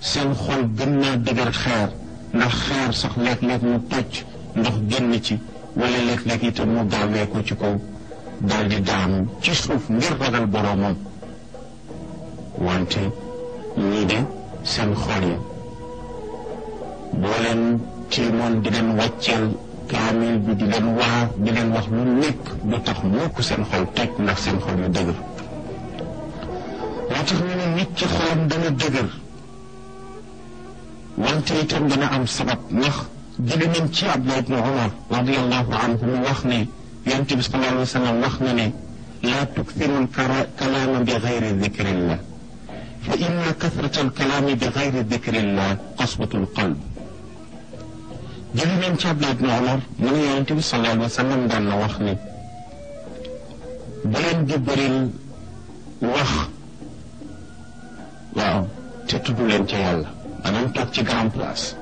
seen xol gën naa dëgër xeer ndax xeer sax léeg-léeg mu tocc ndox génn ci wala léeg-léeg itam mu gaawee ko ci kaw daal di daanu ci suuf ngir ragal boroomam wante ñii de seen xol ya boo leen tiimoon di leen wàcceel kaamil bi di leen waar di leen wax lu nekk du tax mukk seen xol toj ndax seen xol yu dëgër moo tax ñu ne nit ci xolam dana dëgër من تيتم دنا أم سبب نخ دلنا من عبد الله بن نعم عمر رضي الله عنه نخني ينتي بسم الله عليه وسلم نخني لا تكثر الكلام بغير ذكر الله فإن كثرة الكلام بغير ذكر الله قصبة القلب دلنا من عبد الله بن نعم عمر من ينتي بسم الله عليه وسلم دنا نخني بلن جبريل وخ واو تتبلن تيالله danañ toog ci grand place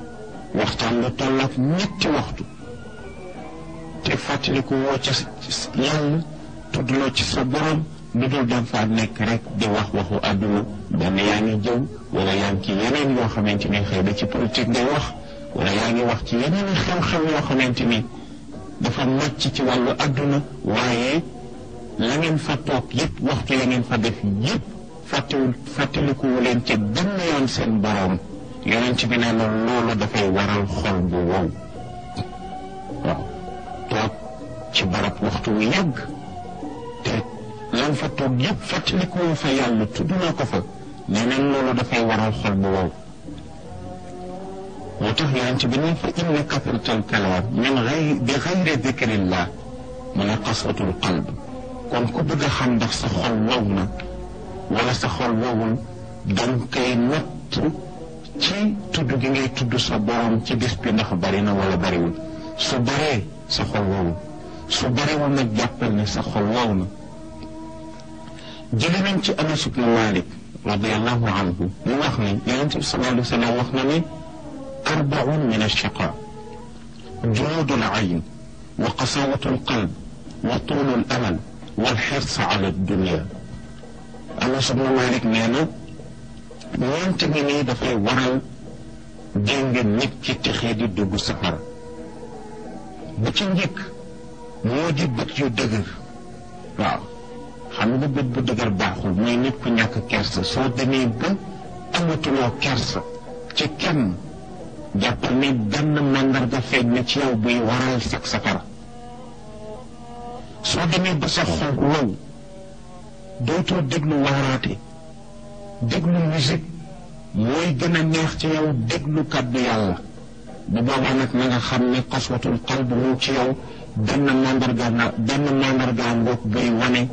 waxtaan lu toll ak ñetti waxtu te fàttaliku ca yàlla tuddloo ci sa borom lu dul dem faa nekk rek di wax waxu àdduna benn yaa ngi jëw wala yaa ngi ci yeneen yoo xamante ni ci politique ngay wax wala wax ci yeneen xam-xam yoo xamante ni dafa màcc ci wàllu àdduna waaye la ngeen fa toog yëpp waxtu la ngeen fa def yëpp fàttewul leen ca benn yoon seen borom. yonent bi nee na loolu dafay xol bu wow toog ci barab waxtu wu yàgg te lan fa toog yëpp fàttalikuwoon fa yàlla tudd naa ko fa nee na loolu dafay waral xol bu wow moo tax yonent bi ne fa inna kasratal kalaam min xayri bi xayri dikrillah mu ne kasratul qalb kon ku bëgg a xam ndax sa xol wow na wala sa xol wowul danga koy natt ci tuddu gi ngay tuddu sa borom ci bis bi ndax bari na wala bariwul su baree sa xol wowul su barewul nag jàppal ne sa xol woow na jëlee nañ ci Anas ibn Malik radiallahu anhu mu wax ne yonente bi sallallahu alai sallam wax na ne arbaun min alshaqa jurudu alshiqa جهود العين وقساوة القلب وطول الأمل ala على anas أنس malik nee na wante ngi nii dafay waral jénge nit ki texee di dugg safara bu ci njëkk moo di bët yu dëgër waaw xam nga bët bu dëgër baaxul mooy nit ku ñàkk kersa soo demee ba amatuloo kersa ci kenn jàppal ne benn màndarga feeñ na ci yow buy waral sag safara soo demee ba sa xol wow dootoo déglu deglu musique moy gëna neex ci yow deglu kaddu yalla bu boba nak nga xam qaswatul xaswatul qalb mu ci yow ben mandar gaana ben mandar gaam ngoog buy wane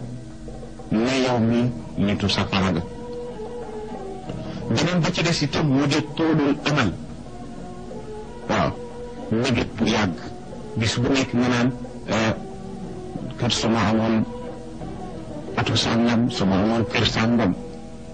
ne yow mi nitu sa parade beneen ba ci dess ci tam di toolul amal waaw nëgët bu yag bis bu nek nga naan eh, kër sama amon atu sàngam sama amon kër sàngam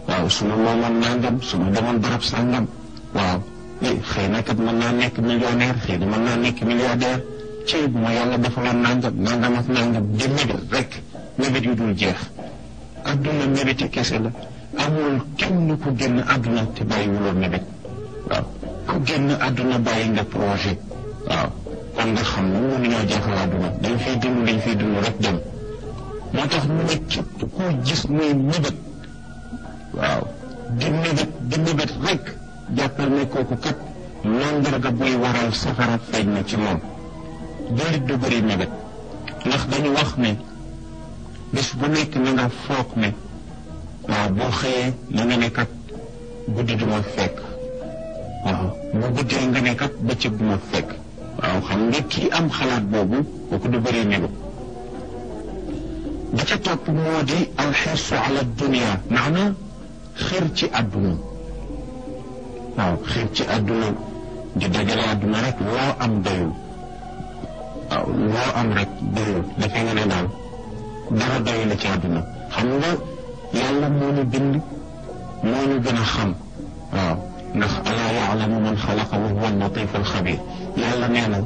waaw su ma moomoon nangam su ma demoon barab sangam waaw eh, xëy na man naa nekk millionnaire xëy na mën naa nekk milliardaire ci bu ma yàlla defaloon nangam nangam ak nangam di mébét rek mébét yu dul jeex. kese la amul kenn ku génn adduna te bàyyiwuloo mébét waaw ku génn bàyyi nga projet waaw kon nga xam ne mënuñoo jeexal adduna dañ fiy dund dañ fiy dund rek dem moo tax mu ne képp koo gis muy mébét. waaw di mébét di mébét rek jàppal ne kooku kat mandarga buy waral safara feeñ na ci moom jullit du bëri mébét ndax dañu wax ne bés bu nekk na nga foog ne waaw boo xëyee na nga ne kat guddi du ma fekk waaw bu guddee nga ne bëccëg du fekk waaw xam nga kii am xalaat boobu kooku du bëri mébét ba ca topp moo di alxirsu ala dunia maanaam xër ci àdduna waaw xër ci àdduna di dajale àdduna rek loo am doyul waaw loo am rek doyul dafa nga ne daal dara doy la ci àdduna xam nga yàlla moo ñu bind moo ñu gën a xam waaw ndax alaa yaalamu man xalaqa wa huwa latif alxabir yàlla nee na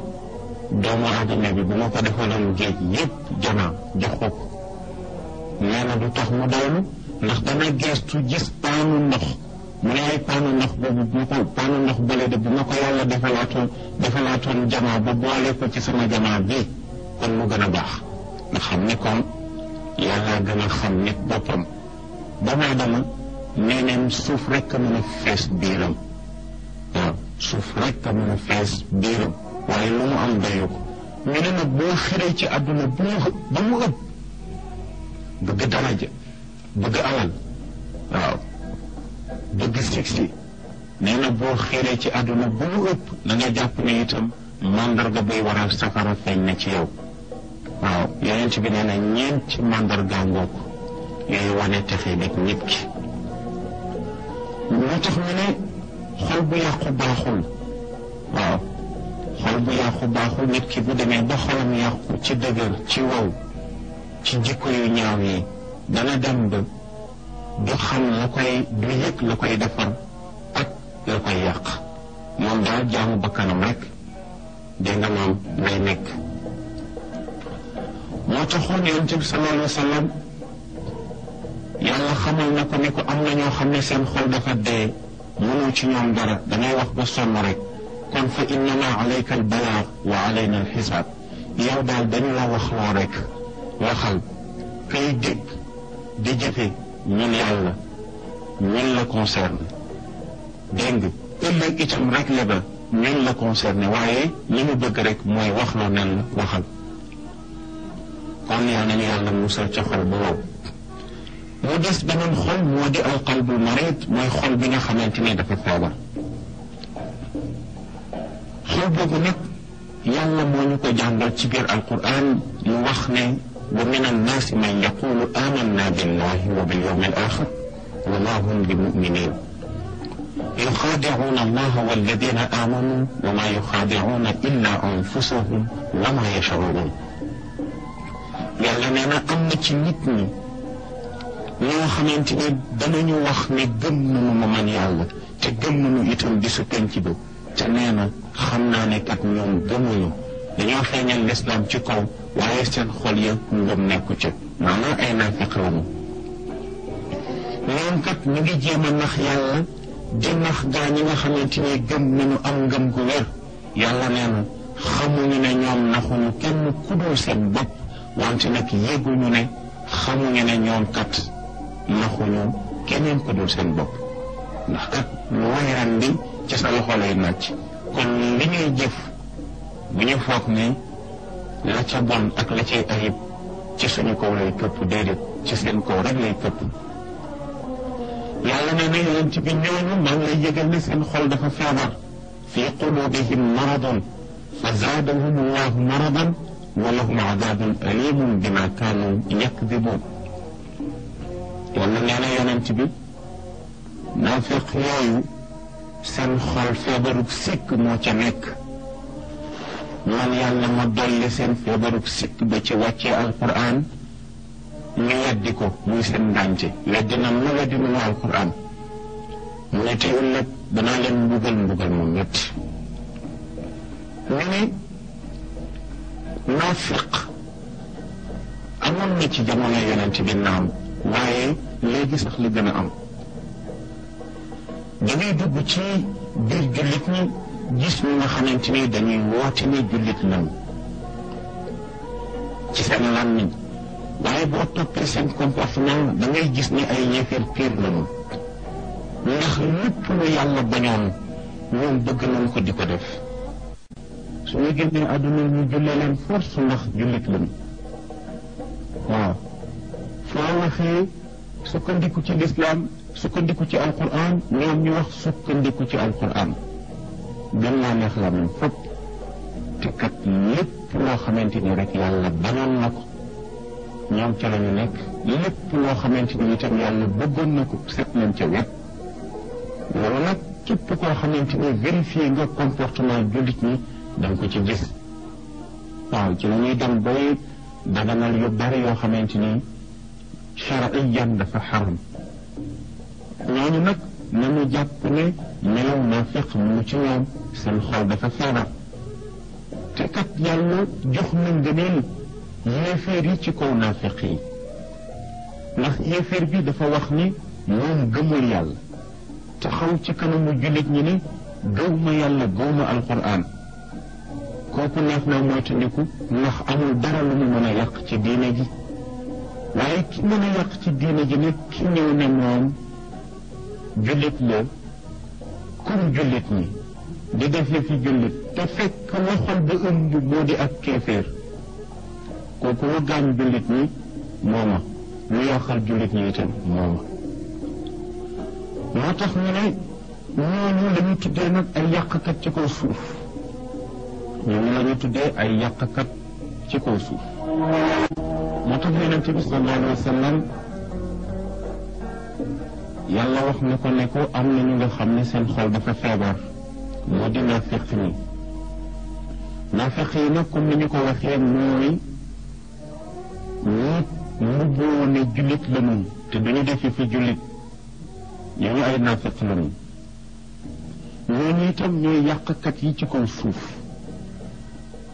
doomu aadama bi bu ma ko defaloon géej yépp jama jox ko nee na du tax mu doylu ndax dama geestu gis paanu ndox mu ne ay paanu ndox boobu bu ko paanu ndox bële de bu ma ko yàlla defalaatoon defalaatoon jamaa ba boole ko ci sama jamaa bi kon mu gën a baax nga xam ni kon yàlla gën a xam nit boppam doomu aadama neeneem suuf rekk a mën a fees biiram suuf rekk a mën a waaye lu mu am dayu ko boo xëree ci àdduna bu mu ëpp ba mu ëpp bëgg daraja bëgg alal waaw bëgg sexy nee na boo xiiree ci àdduna bu ëpp na jàpp ne itam mandarga buy waral safara feeñ na ci yow waaw yonent bi nee na ñeent ci mandarga ngoog yooyu wane texe nekk nit ki moo tax mu ne xol bu yàqu baaxul waaw xol bu yàqu baaxul nit ki bu demee ba xolam yàqu ci dëgër ci wow ci jikko yu ñaaw yi dana dem ba du xam la koy du yëg la koy defar ak la koy yàq moom daal jaamu bakkanam rek dégg nga maam nekk moo taxoon yonent bi sallallahu alayhi wa yàlla xamal na ko ne ko am na ñoo xam ne seen xol dafa dee mënoo ci ñoom dara dangay wax ba sonn rek kon fa innama alayka al balaag wa alayna al xisaab daal dañu la wax rek waxal kay dégg di jëfe ñun yàlla ñun la concerné dégg nga ëllëg itam rek ba ñun la concerné waaye li mu bëgg rek mooy wax loo nen la waxal kon yaa nañu yàlla musal ca xol boobu mu des beneen xol moo di al qalbul marid mooy xol bi nga xamante ne dafa feebar xol boobu nag yàlla moo ñu ko jàngal ci biir alquran mu wax ne ومن الناس من يقول آمنا بالله وباليوم الآخر وما هم بمؤمنين يخادعون الله والذين آمنوا وما يخادعون إلا أنفسهم وما يشعرون يعني أنا أمي كنتني ñoo xamante ni danañu wax ne gëm nañu ma man yàlla te gëm nañu itam di su penc ba ca nee na xam naa ne kat ñoom gëmuñu dañoo feeñal lislaam ci kaw waaye seen xol ya ngëm nekku ca maanaam ay naafiq lañu ñoom kat ñu ngi jéem nax yàlla di nax gaa ñi nga xamante ni gëm nañu am ngëm gu wér yàlla nee na xamuñu ne ñoom naxuñu kenn ku dul seen bopp wante nag yëguñu ne xamuñu ne ñoom kat naxuñu keneen seen bopp ndax kat lu wayran bi ci sa loxo lay nàcc kon li ñuy jëf bu ñu foog ni la ca bon ak la cay ayib ci seen kaw lay këpp déedéet ci seen kaw rek lay këpp yàlla nee na yonent bi ñooñu maa ngi lay yëgal ne seen xol dafa feebar fi qulubihim maradun fa zaadahum allahu maradan wa lahum adabun alimun bima kaanu yakdibun yàlla nee na yonent bi naafiq yooyu xol feebarug sikk moo ca nekk man yàlla ma dolli seen feebaruk sikk ba ci wàccee alquran ñu weddi ko muy seen ndànce weddi na mu weddi nu alquran mu ne tey ëllëg danaa leen mbugal mbugal mu métti ci jamono yonent bi naam waaye léegi sax la gën a am dangay dugg ci biir jullit ñi gis ñi nga xamante ni dañuy woote ne jullit nañu ci seen làmmiñ waaye boo toppee seen comportement dangay gis ni ay yéefar piir lañu ndax lépp lu yàlla bañoon ñoom bëgg nañ ko di ko def su ñu génnee àdduna ñu jullee leen force ndax jullit lañu waaw foo waxee sukkandiku ci lislaam sukkandiku ci alquran ñoom ñu wax sukkandiku ci alquran gën laa neex la moom fop te kat lépp loo xamante ni rek yàlla banoon na ko ñoom ca la nekk lépp loo xamante ni yàlla bëggoon na ko set nañ ca wet loolu nag képp koo xamante ni vérifié nga comportement jullit ñi da ko ci gis waaw ci la ñuy dem booy daganal yu bari yoo xamante ni chara ay dafa xaram ñooñu nag nanu jàpp ne melaw naafiq mu ngi ci ñoom seen xol dafa feebar te kat yàlla jox na ngëneel yéeféer yi ci kaw naafiq yi ndax yéeféer bi dafa wax ni moom gëmul yàlla taxaw ci kanamu jullit ñi ne gëw ma yàlla gëw ma alquran kooku neex na moytandiku ndax amul dara lu mu mën a yàq ci diine ji waaye ki mën a yàq ci diine ji nag ki ñëw ne moom jullit la kum jullit ñi di def yëfi jullit te fekk la xol ba ëmb boo di ak kéeféer kooku lu gaañ jullit ñi mooma lu yàqal jullit ñi itam mooma moo tax ñu ne ñooñu la tuddee nag ay yàqkat ci kaw suuf ñooñu la tuddee ay yàqkat ci kaw suuf moo tax yonente bi sallallahu alayhi wa sallam yàlla wax na ko ne ko am na ñu nga xam ne seen xol dafa feebar moo di naafeq ni naafeq yi nag comme ni ñu ko waxee mooy ñi mbubboo ne jullit lañu te duñu defe fi jullit ñooñu ay naafeq lañu ñooñu itam ñooy yàqkat yi ci kaw suuf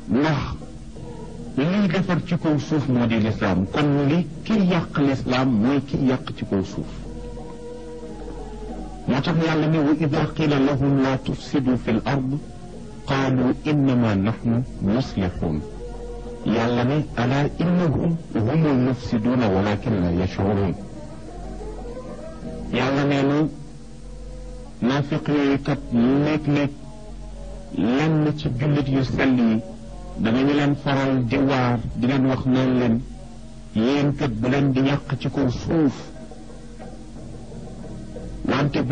ndax liy defar ci kaw suuf moo di lislaam kon li ki yàq lislaam mooy ki yàq ci kaw suuf نحن يعلم وإذا قيل لهم لا تفسدوا في الأرض قالوا إنما نحن مصلحون يعلم ألا إنهم هم المفسدون ولكن لا يشعرون يعلم يعني ما فقر كت نيك نيك لن نتجلد يسلي دمين لن فرال دوار دلن وخنان لن ينكت بلن دياق صوف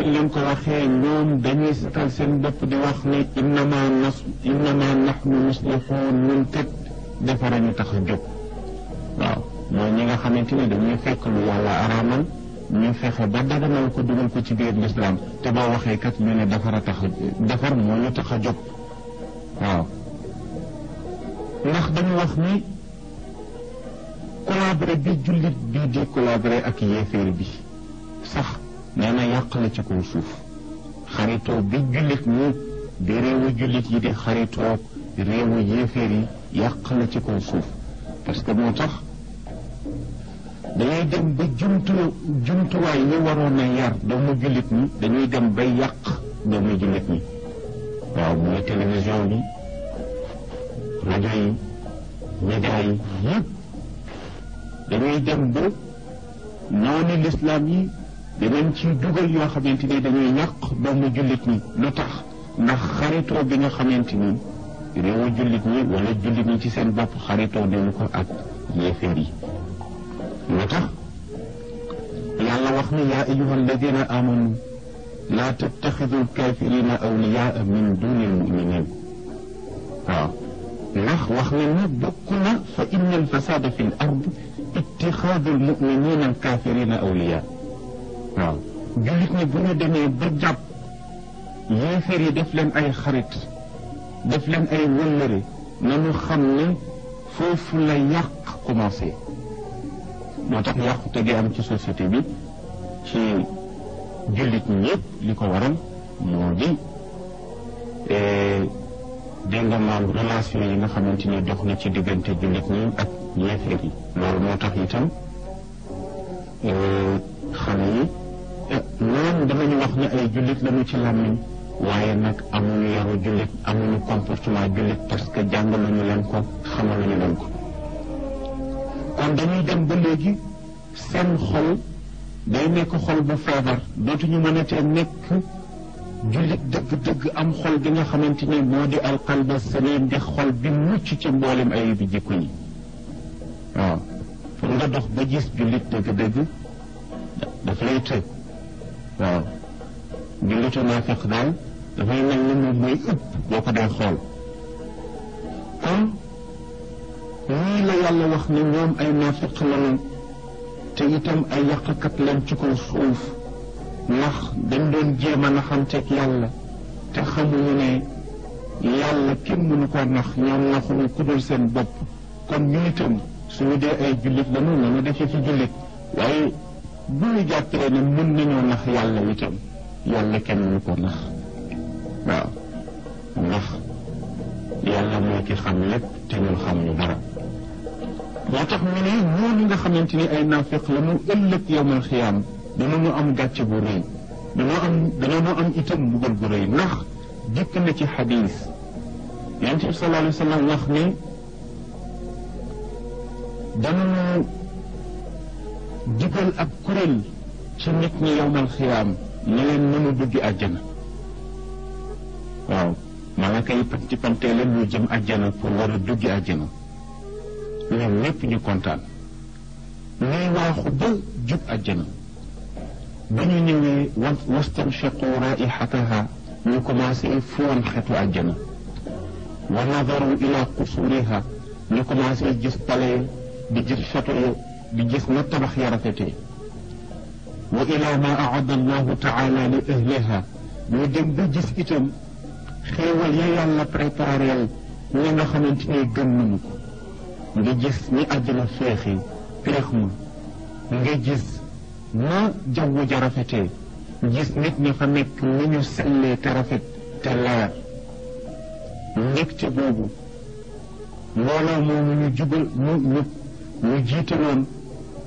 biñ leen ko waxee ñoom dañuy setal seen bopp di wax ni innama nas innama nahnu muslihuun ñun teg defara ñu tax a jóg waaw mooy ñi nga xamante ni dañuy fekk lu yàlla araamal ñu fexe ba daganal ko dugal ko ci biir lislaam te boo waxee kat ñu ne defar a tax defar moo ñu tax a jóg waaw ndax dañu wax ni collaborer bi jullit bi di collaborer ak yéeféer bi sax nee na yàq la ci kaw suuf xaritoo bi jullit ñi di réewu jullit yi di xaritoo réewu yéeféer yi yàq la ci kaw suuf parce que moo tax dañuy dem ba jumtu jumtuwaay yi waroon a yar doomu jullit ñi dañuy dem ba yàq doomu jullit ñi waaw mooy télévision bi rajo yi média dañuy dem ba noonu lislaam yi dañ ci dugal yoo xamante ni dañuy ñàkk doomu jullit ñi lu tax ndax xaritoo bi nga xamante ni réewu jullit ñi wala jullit ñi ci seen bopp xaritoo nañu ko ak yéeféer yi lu tax yàlla wax ni yaa ayuha alladina amanu laa tattaxidu kafirina awliyaa min duni almuminin waaw ndax wax na ni bokk na fa inna alfasada fi l ard ittixaadu almuminina alkafirina awliyaa waaw jullit ñi bu ñu demee ba jàpp yéeféer yi def leen ay xarit def leen ay wëllëre nañu xam ne foofu la yàq commencé moo tax yàqute gi am ci société bi ci jullit ñi ñëpp li ko waral moo di eh, dégg relation yi nga xamante ni dox na ci diggante jullit ñi ak yéeféer loolu moo tax itam eh, xale yi loolu danañu wax ne ay jullit lañu ci làmmiñ waaye nag amuñu yaru jullit amuñu comportement jullit parce que nañu leen ko xamaluñu leen ko kon dañuy dem ba léegi seen xol day nekk xol bu feebar dootuñu mën a te nekk jullit dëgg-dëgg am xol bi nga xamante ne moo di alqalba salim di xol bi mucc ci mboolem ay bi jikko yi waaw pour nga dox ba gis jullit dëgg-dëgg daf lay tëj waaw jullitu naafiq daal dafay mel ni moom mooy ëpp boo ko dee xool kon lii la yàlla wax ne ñoom ay naafiq lañu te itam ay yàqkat lañ ci kaw suuf ndax dañ doon jéem a naxanteeg yàlla te xamuñu ne yàlla kenn mënu ko nax ñoom naxuñu ku dul seen bopp kon ñu itam suñu dee ay jullit lañu nañu defee ci jullit waaye bu ñu jàppee ne mën nañoo nax yàlla itam yàlla kenn ñu ko nax waaw ndax yàlla mooy ki xam lépp te ñun xamuñu dara moo tax mu ne ñooñu nga xamante ni ay naafiq la mu ëllëg yawmal xiyaam danañu am gàcce bu rëy dañoo am dañoo am itam mbugal bu rëy ndax dikk na ci xadiis yonent bi sallallahu alayhi wa sallam wax ni danañu digal ab kuréel ci nit ñi yowmal xiyaam ne leen mënu duggi àjjana waaw malaaka yi panti ñu jëm àjjana pour war a duggi àjjana ñoom ñépp ñu kontaan ñuy waaxu ba jub àjjana ba ñu ñëwee wastanshiqu raihataha ñu commencé foon xetu àjjana wa nadaru ila qusuriha ñu commencé gis palais di gis château بجس نطبخ يا رفتي وإلى ما أعد الله تعالى لأهلها ودم بجس إتم خيوال يا يلا بريباريال وين خم انت اي قمنك بجس ني أجل الشيخي بريخم بجس ما جو جرفتي بجس نت نخمك من يسلي ترفت تلار نكت بوبو مولا مو من يجبل مو مو مو جيت لون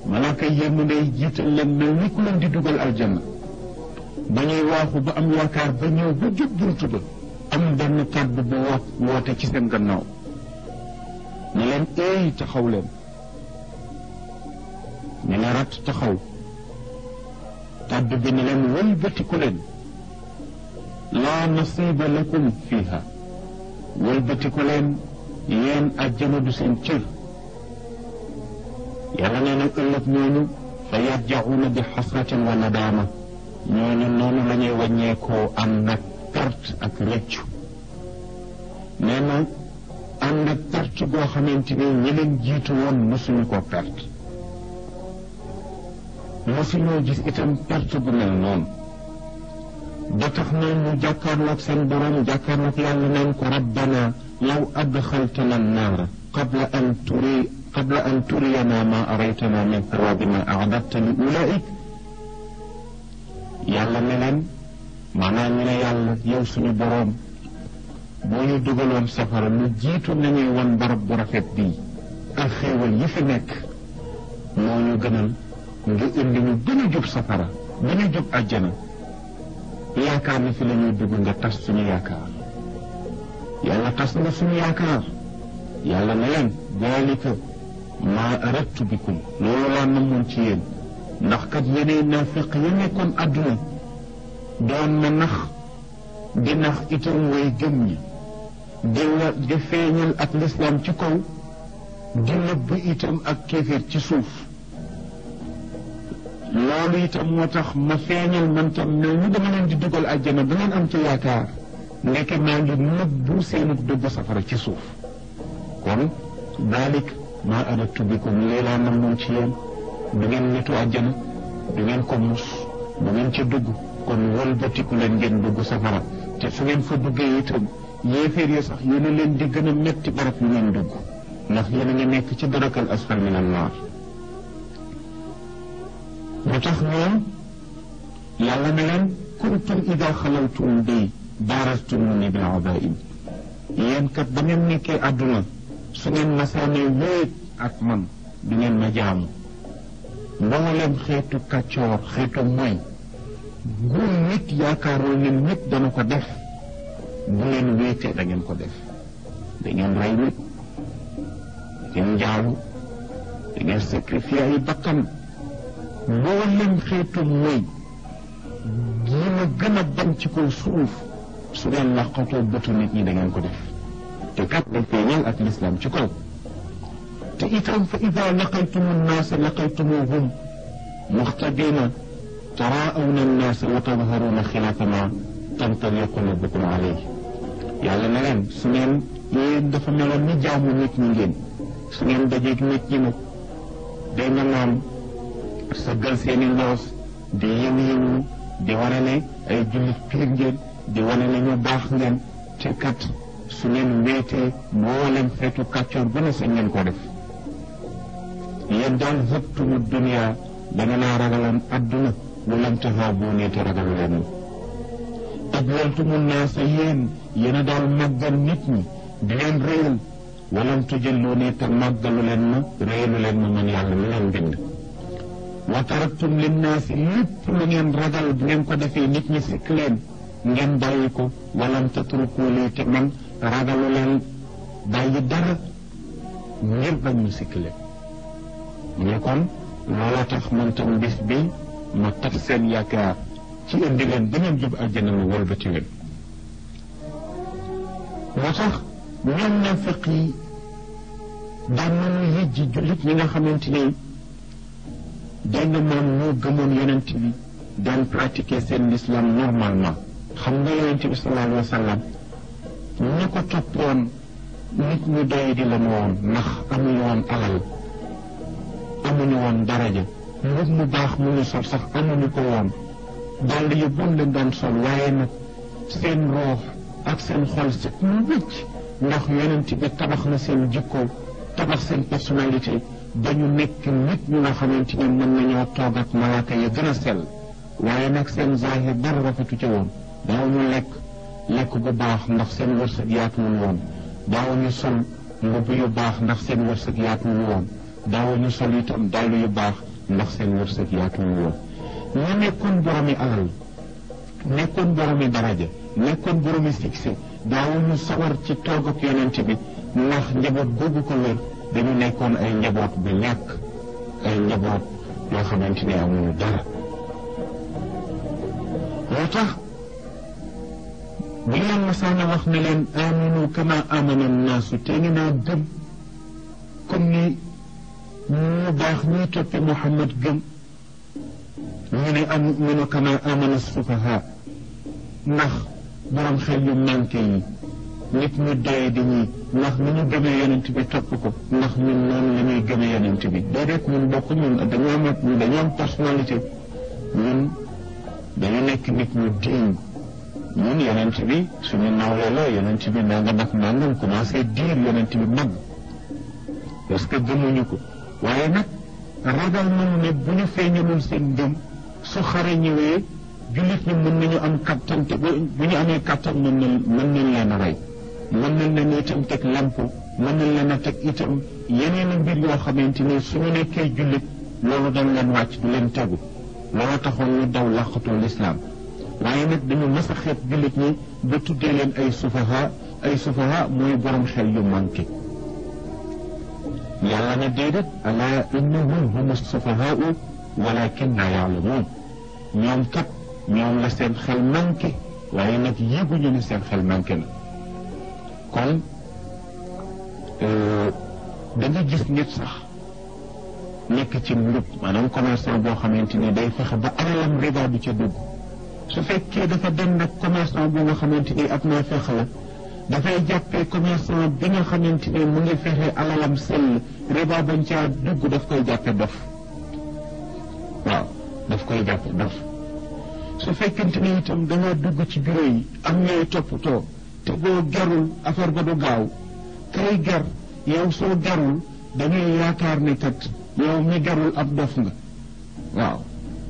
malaaka yërmande yi jiital leen mel ni ku leen di dugal aljanna ba ñuy waaxu ba am yaakaar ba ñëw ba jub buntu ba am benn kàddu bu woot ci seen gannaaw ne leen eey taxaw leen taxaw kàddu bi ne leen wëlbatiku laa nasiba fiiha wëlbatiku leen yéen du seen cër يرانا نكلف نونو فيرجعون بحسرة وندامة نونو نونو لني ونيكو أنك ترت أكريتشو نونو نعم، أنك ترت بوخم انتبه نيلن جيتو ون مسلمكو ترت مسلمو جيس اتم ترت بمن نون بتخنون مجاكر لك سنبرم جاكر لك يالنان كربنا لو أدخلتنا النار قبل أن تري قبل أن ترينا ما أريتنا من ثواب ما أعددت لأولئك yàlla ne leen maanaam ñu yàlla yow suñu boroom boo ñu dugaloon safara lu jiitu nañuy wan barab bu rafet bii ak xéewal yi fi nekk moo ñu gënal nga indi ñu gën a jub safara gën a jub àjjana yaakaar ne fi la dugg nga tas suñu yaakaar yàlla tas na suñu yaakaar yàlla ne leen maa aradtu bikum loolu laa namoon ci yéen ndax kat yeneen naafiq ya nekkoon àdduna doon na nax di nax itam way gëm ñi di wa di feeñal ak lislaam ci kaw di nëbb itam ak kéeféer ci suuf loolu itam moo tax ma feeñal man tam mel ni dama leen di dugal àjjana ba ngeen am ci yaakaar nekk maa ngi nëbbu seenu dëgg safara ci suuf kon daalik ma ada bikum lii laa namoon ci yeen du ngeen nitu aljana du ngeen ko mus du ngeen ci dugg kon wëlbatiku leen ngeen dugg safara te su ngeen fa duggee itam yéeféer yi ya sax yéen a leen di gën a metti barab ñu ngeen dugg ndax yéen a ngi nekk ci darakal asfal min al tax ñoom yàlla ne leen kuntum ida xalaltum bi baarastum ni bi abain yéen kat ba ngeen nekkee àdduna su ngeen masaanee wéet ak man du ngeen ma jaamu mboolem xeetu kàccoor xeetu mooy nguur nit yaakaarul ne nit dana ko def bu ngeen wéetee da ngeen ko def dangeen ngeen rey nit da ngeen jaamu da ngeen sacrifier ay bakkan mboolem xeetu mooy yi ma gën a bañ ci kaw suuf su ngeen làqatoo bëtu nit ñi da ko def تقبل في ملأة الإسلام تقول تئتم فإذا لقيتم الناس لقيتموهم مختبين تراءون الناس وتظهرون خلاف ما تنطلي قلوبكم عليه يعني نعم سنين يدفع من النجام ونكنين سنين دجيك نكينو دينا نعم سجل سيني الناس دي يمينو دي وانا لي اي جلس بيرجل دي وانا لي نباخ لين تكتر su leen wéetee mboolem xeetu kàccoor bu ne sañ ngeen ko def yéen daal xëttumu duniyaa dama laa ragaloon adduna lu lam taxaw boo neete ragal ak waltumu naa sa yéen yéen a daal màggal nit ñi di leen réyal walam tujëlloo ne te màggalu leen ma réyalu leen ma man yàlla mi leen bind wa taraktum linnaasi lépp lu ngeen ragal bu ngeen ko defee nit ñi sikk leen ngeen bàyyi ko walam tatruku te man ragalu leen bàyyi dara ngir bañ mu sikk leen mu ne kon loola tax man tam bi ma tax seen yaakaar ci indi leen ba ngeen jub àjjana ma wëlbati leen moo tax ñoom nafiq yi daan nañu yëjji jullit ñi nga xamante ni dañ na moom ñoo gëmoon yonent bi daan pratiquer seen l'islam normalement xam nga yonent bi sallallahu alayhi ñi ko toppoon nit ñu doy di lañu woon ndax amuñu woon alal amuñu woon daraja mbub mu baax mu ñu sol sax amuñu ko woon dàll yu bon lañ daan sol waaye nag seen roox ak seen xol set mu wëcc ndax yonent bi tabax na seen jikko tabax seen personnalité ba ñu nekk nit ñu nga xamante ne mën nañoo toog ak malaaka ya gën a sell waaye nag seen zaahir dara rafetu ci woon daaw ñu lekk lekk gu baax ndax seen wërsëg yaatu ñu woon daawuñu sol mbubb yu baax ndax seen wërsëg yaatu ñu woon daawuñu sol itam dàll yu baax ndax seen wërsëg yaatu ñu woon ña nekkoon boromi alal nekkoon boromi daraja nekkoon boromi succès daawuñu sawar ci toog ak yonent bi ndax njaboot googu ko wér dañu nekkoon ay njaboot bu ñàkk ay njaboot yoo xamante ne amuñu dara loo tax ولم مسانا وخنلين آمنوا يقولون آمن الناس تينينا دم كمي يقولون باخني توبي محمد جم ولي يقولون كما آمن السفهاء نخ برام يقولون مانكي نيت ني داي دي يقولون نخ ني گمه يونت بي يقولون نخ ني نان لي ني يقولون يونت بي ديريك مون بوك يقولون دانيو مات ني دانيو بيرسوناليتي مون دانيو نيك نيت ني دين ñun yonent bi suñu nawle la yonent bi nangam ak nangam commencé diir yonent bi mag parce que gëmuñu ko waaye nag ragal nañu ne bu ñu feeñaloon seen ngëm su xare ñëwee jullit ñi mën nañu am kattan te bu ñu amee kattan mën na mën nañ leen a rey mën nañ leen itam teg lamp mën nañ leen a teg itam yeneen a mbir yoo xamante ne suñu nekkee jullit loolu dañ leen wàcc du leen tegu loolu taxoon ñu daw làqatoo lislaam waaye nag dañu mas a xeeb jullit ñi ba tuddee leen ay sufaha ay sufaha mooy borom xel yu manqué yàlla ne déedéet ala innahum humu sufahaau walakin la yaalamuun ñoom kat ñoom la seen xel manqué waaye nag yëguñu ne seen xel manqué na kon da nga gis nit sax nekk ci mbub maanaam commerçant boo xamante ni day fexe ba alalam riba bi ca dugg su fekkee dafa dem nag commerçant bi nga xamante ni ab naa feex la dafay jàppee commerçant bi nga xamante ni mu ngi fexe alalam sell riba bañ dugg daf koy jàppe dof waaw daf koy jàppe dof su fekkente ni itam dangaa dugg ci bureau yi am na toppatoo te boo garul affaire ba du gaaw kay gar yow soo garul dañuy yaakaar ne kat yow mi garul ab dof nga waaw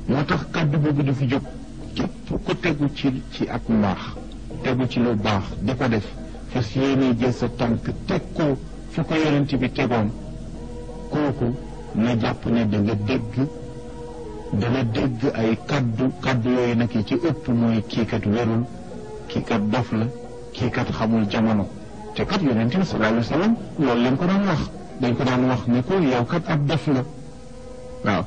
moo tax kàddu boobu dafa jóg képp ku tegu ci ci ak mbaax tegu ci lu baax di ko def fas yéene jël sa tànk teg ko fu ko yonent bi tegoon kooku na jàpp ne da nga dégg dana dégg ay kaddu kàddu yooyu nag yi ci ëpp mooy kii werul kii kat dof la kii kat xamul jamono te kat yonent bi sallallahu alayhi wa sallam loolu lañ ko daan wax dañ ko daan wax ne ko yow dof la waaw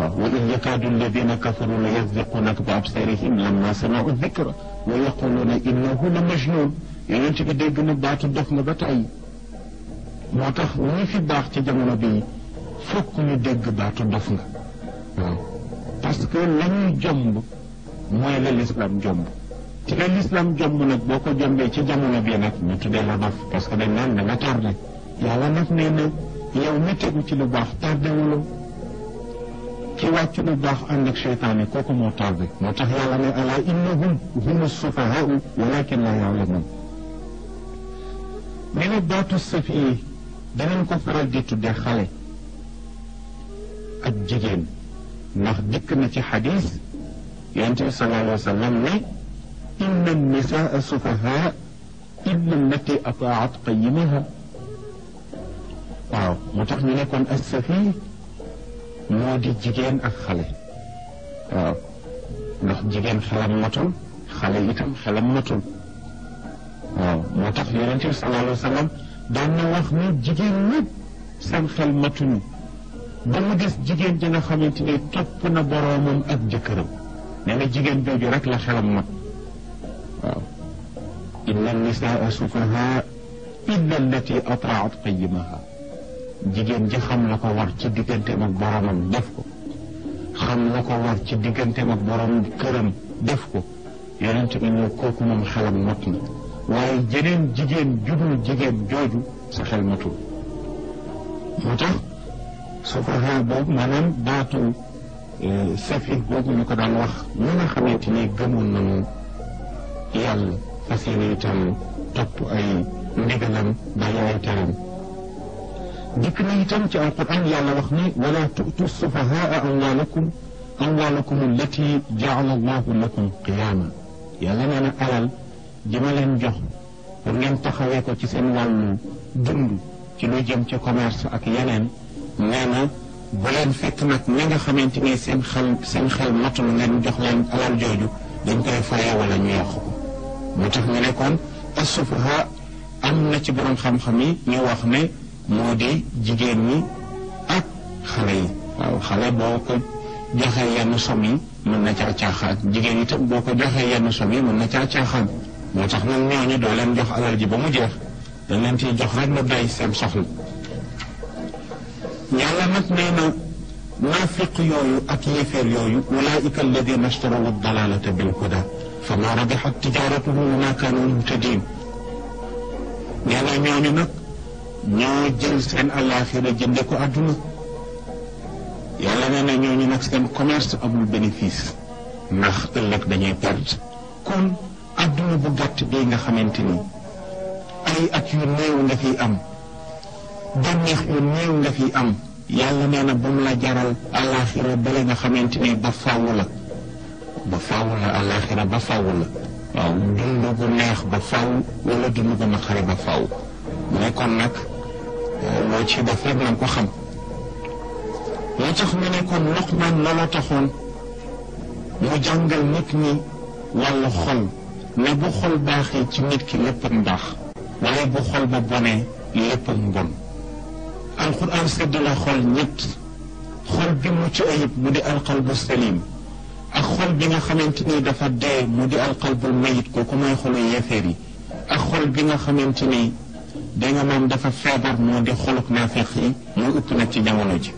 waaw wa in yakaadu alladina kafaru la yasdiqunaka bi absarihim lamma samiu dégg na baatu dof ba tey moo tax ñi fi baax ci jamono bi fokk ñu dégg baatu dof na waaw parce que la ñuy jomb mooy la lislaam jomb ci la lislaam boo ko jombee ci jamono bi nag ñu tuddee la tegu ci lu baax tardé كي واتشو بو باخ عندك شيطاني كوكو مو تابي مو تخ يالا ني الا انهم هم السفهاء ولكن لا يعلمون من الدات السفي دنن كو فرال دي تودي خالي اك جيجين ناخ ديك نتي حديث ينتي صلى الله عليه وسلم ني ان النساء السفهاء ان التي اطاعت قيمها واو متخ ني نكون السفي moo di jigéen ak xale waaw ndax jigéen xelam matul xale itam xelam matul waaw moo tax yonent bi sallallahu alayhi daan na wax ni jigéen ñëpp seen xel matuñu ba mu des jigéen ji nga xamante ne topp na boroomam ak jëkkëram jigéen jooju rek la xelam mat waaw inna nisaa sufaha illa allati ata'at qayyimaha jigéen ji xam la ko war ci digganteem ak boromam def ko xam la ko war ci digganteem ak borom këram def ko yonent bi ne kooku moom xelam mot na waaye jeneen jigéen judul jigéen jooju sa xel matul moo tax su ko boobu maanaam baatu euh, safir boobu ñu ko daan wax ñi nga xamante ni gëmoon nañu yàlla fas topp ay ndigalam bàyyi ay teram ديك ني تانت ان قران يالا وخني ولا تؤتوا السفهاء اموالكم اموالكم التي جعل الله لكم قياما يالا نانا علال جما لين جوخ بور نين تاخاوي كو سي سين والو كوميرس اك يينن نانا بولين فيك نك نيغا خامنتيني سين خال سين خال ماتو نين جوجو دنج كاي ولا ني واخو موتاخ السفهاء امنا سي بروم خام خامي moo di jigéen ñi ak xale yi waaw xale boo ko joxee yenn som yi mën na caa caaxaan jigéen yi tam boo ko joxee yenn som yi mën na caa caaxaan moo tax nag ñooñu doo leen jox alal ji ba mu jeex dañ leen ciy jox rek na doy seen soxla yàlla nag nee na naafiq yooyu ak yéeféer yooyu ulaika alladina ashtaraw dalalata bil huda fa ma rabixat tijaratuhum wa ma kanu muhtadin ñooñu nag ñoo jël seen àllaaxira jënde ko àdduna yàlla nee na ñooñu nag seen commerce amul bénéfice ndax ëllëg dañuy perte kon àdduna bu gàtt bi nga xamante ni ay at yu néew nga fiy am bànneex yu néew nga fiy am yàlla nee ba mu la jaral àllaaxira bale nga xamante ni ba faaw la ba faaw la àllaaxira ba faaw la waaw dund bu neex ba faaw wala dund bu naqari ba faaw mu nag loo ciy def rek na ko xam loo tax mu ne kon Luqmaan looloo taxoon mu jàngal nit ñi wàllu xol ne bu xol baaxee ci nit ki léppam baax waaye bu xol ba bonee léppam bon alxuraan sedd la xol ñett xol bi mucc ayib mu di alqalbu salim ak xol bi nga xamante ni dafa dee mu di alqalbul mayit kooku mooy xolu yeefeer yi ak xol bi nga xamante ni da nga moom dafa feebar moo di xoluk naafeq yi moo ëpp nag ci jamono ji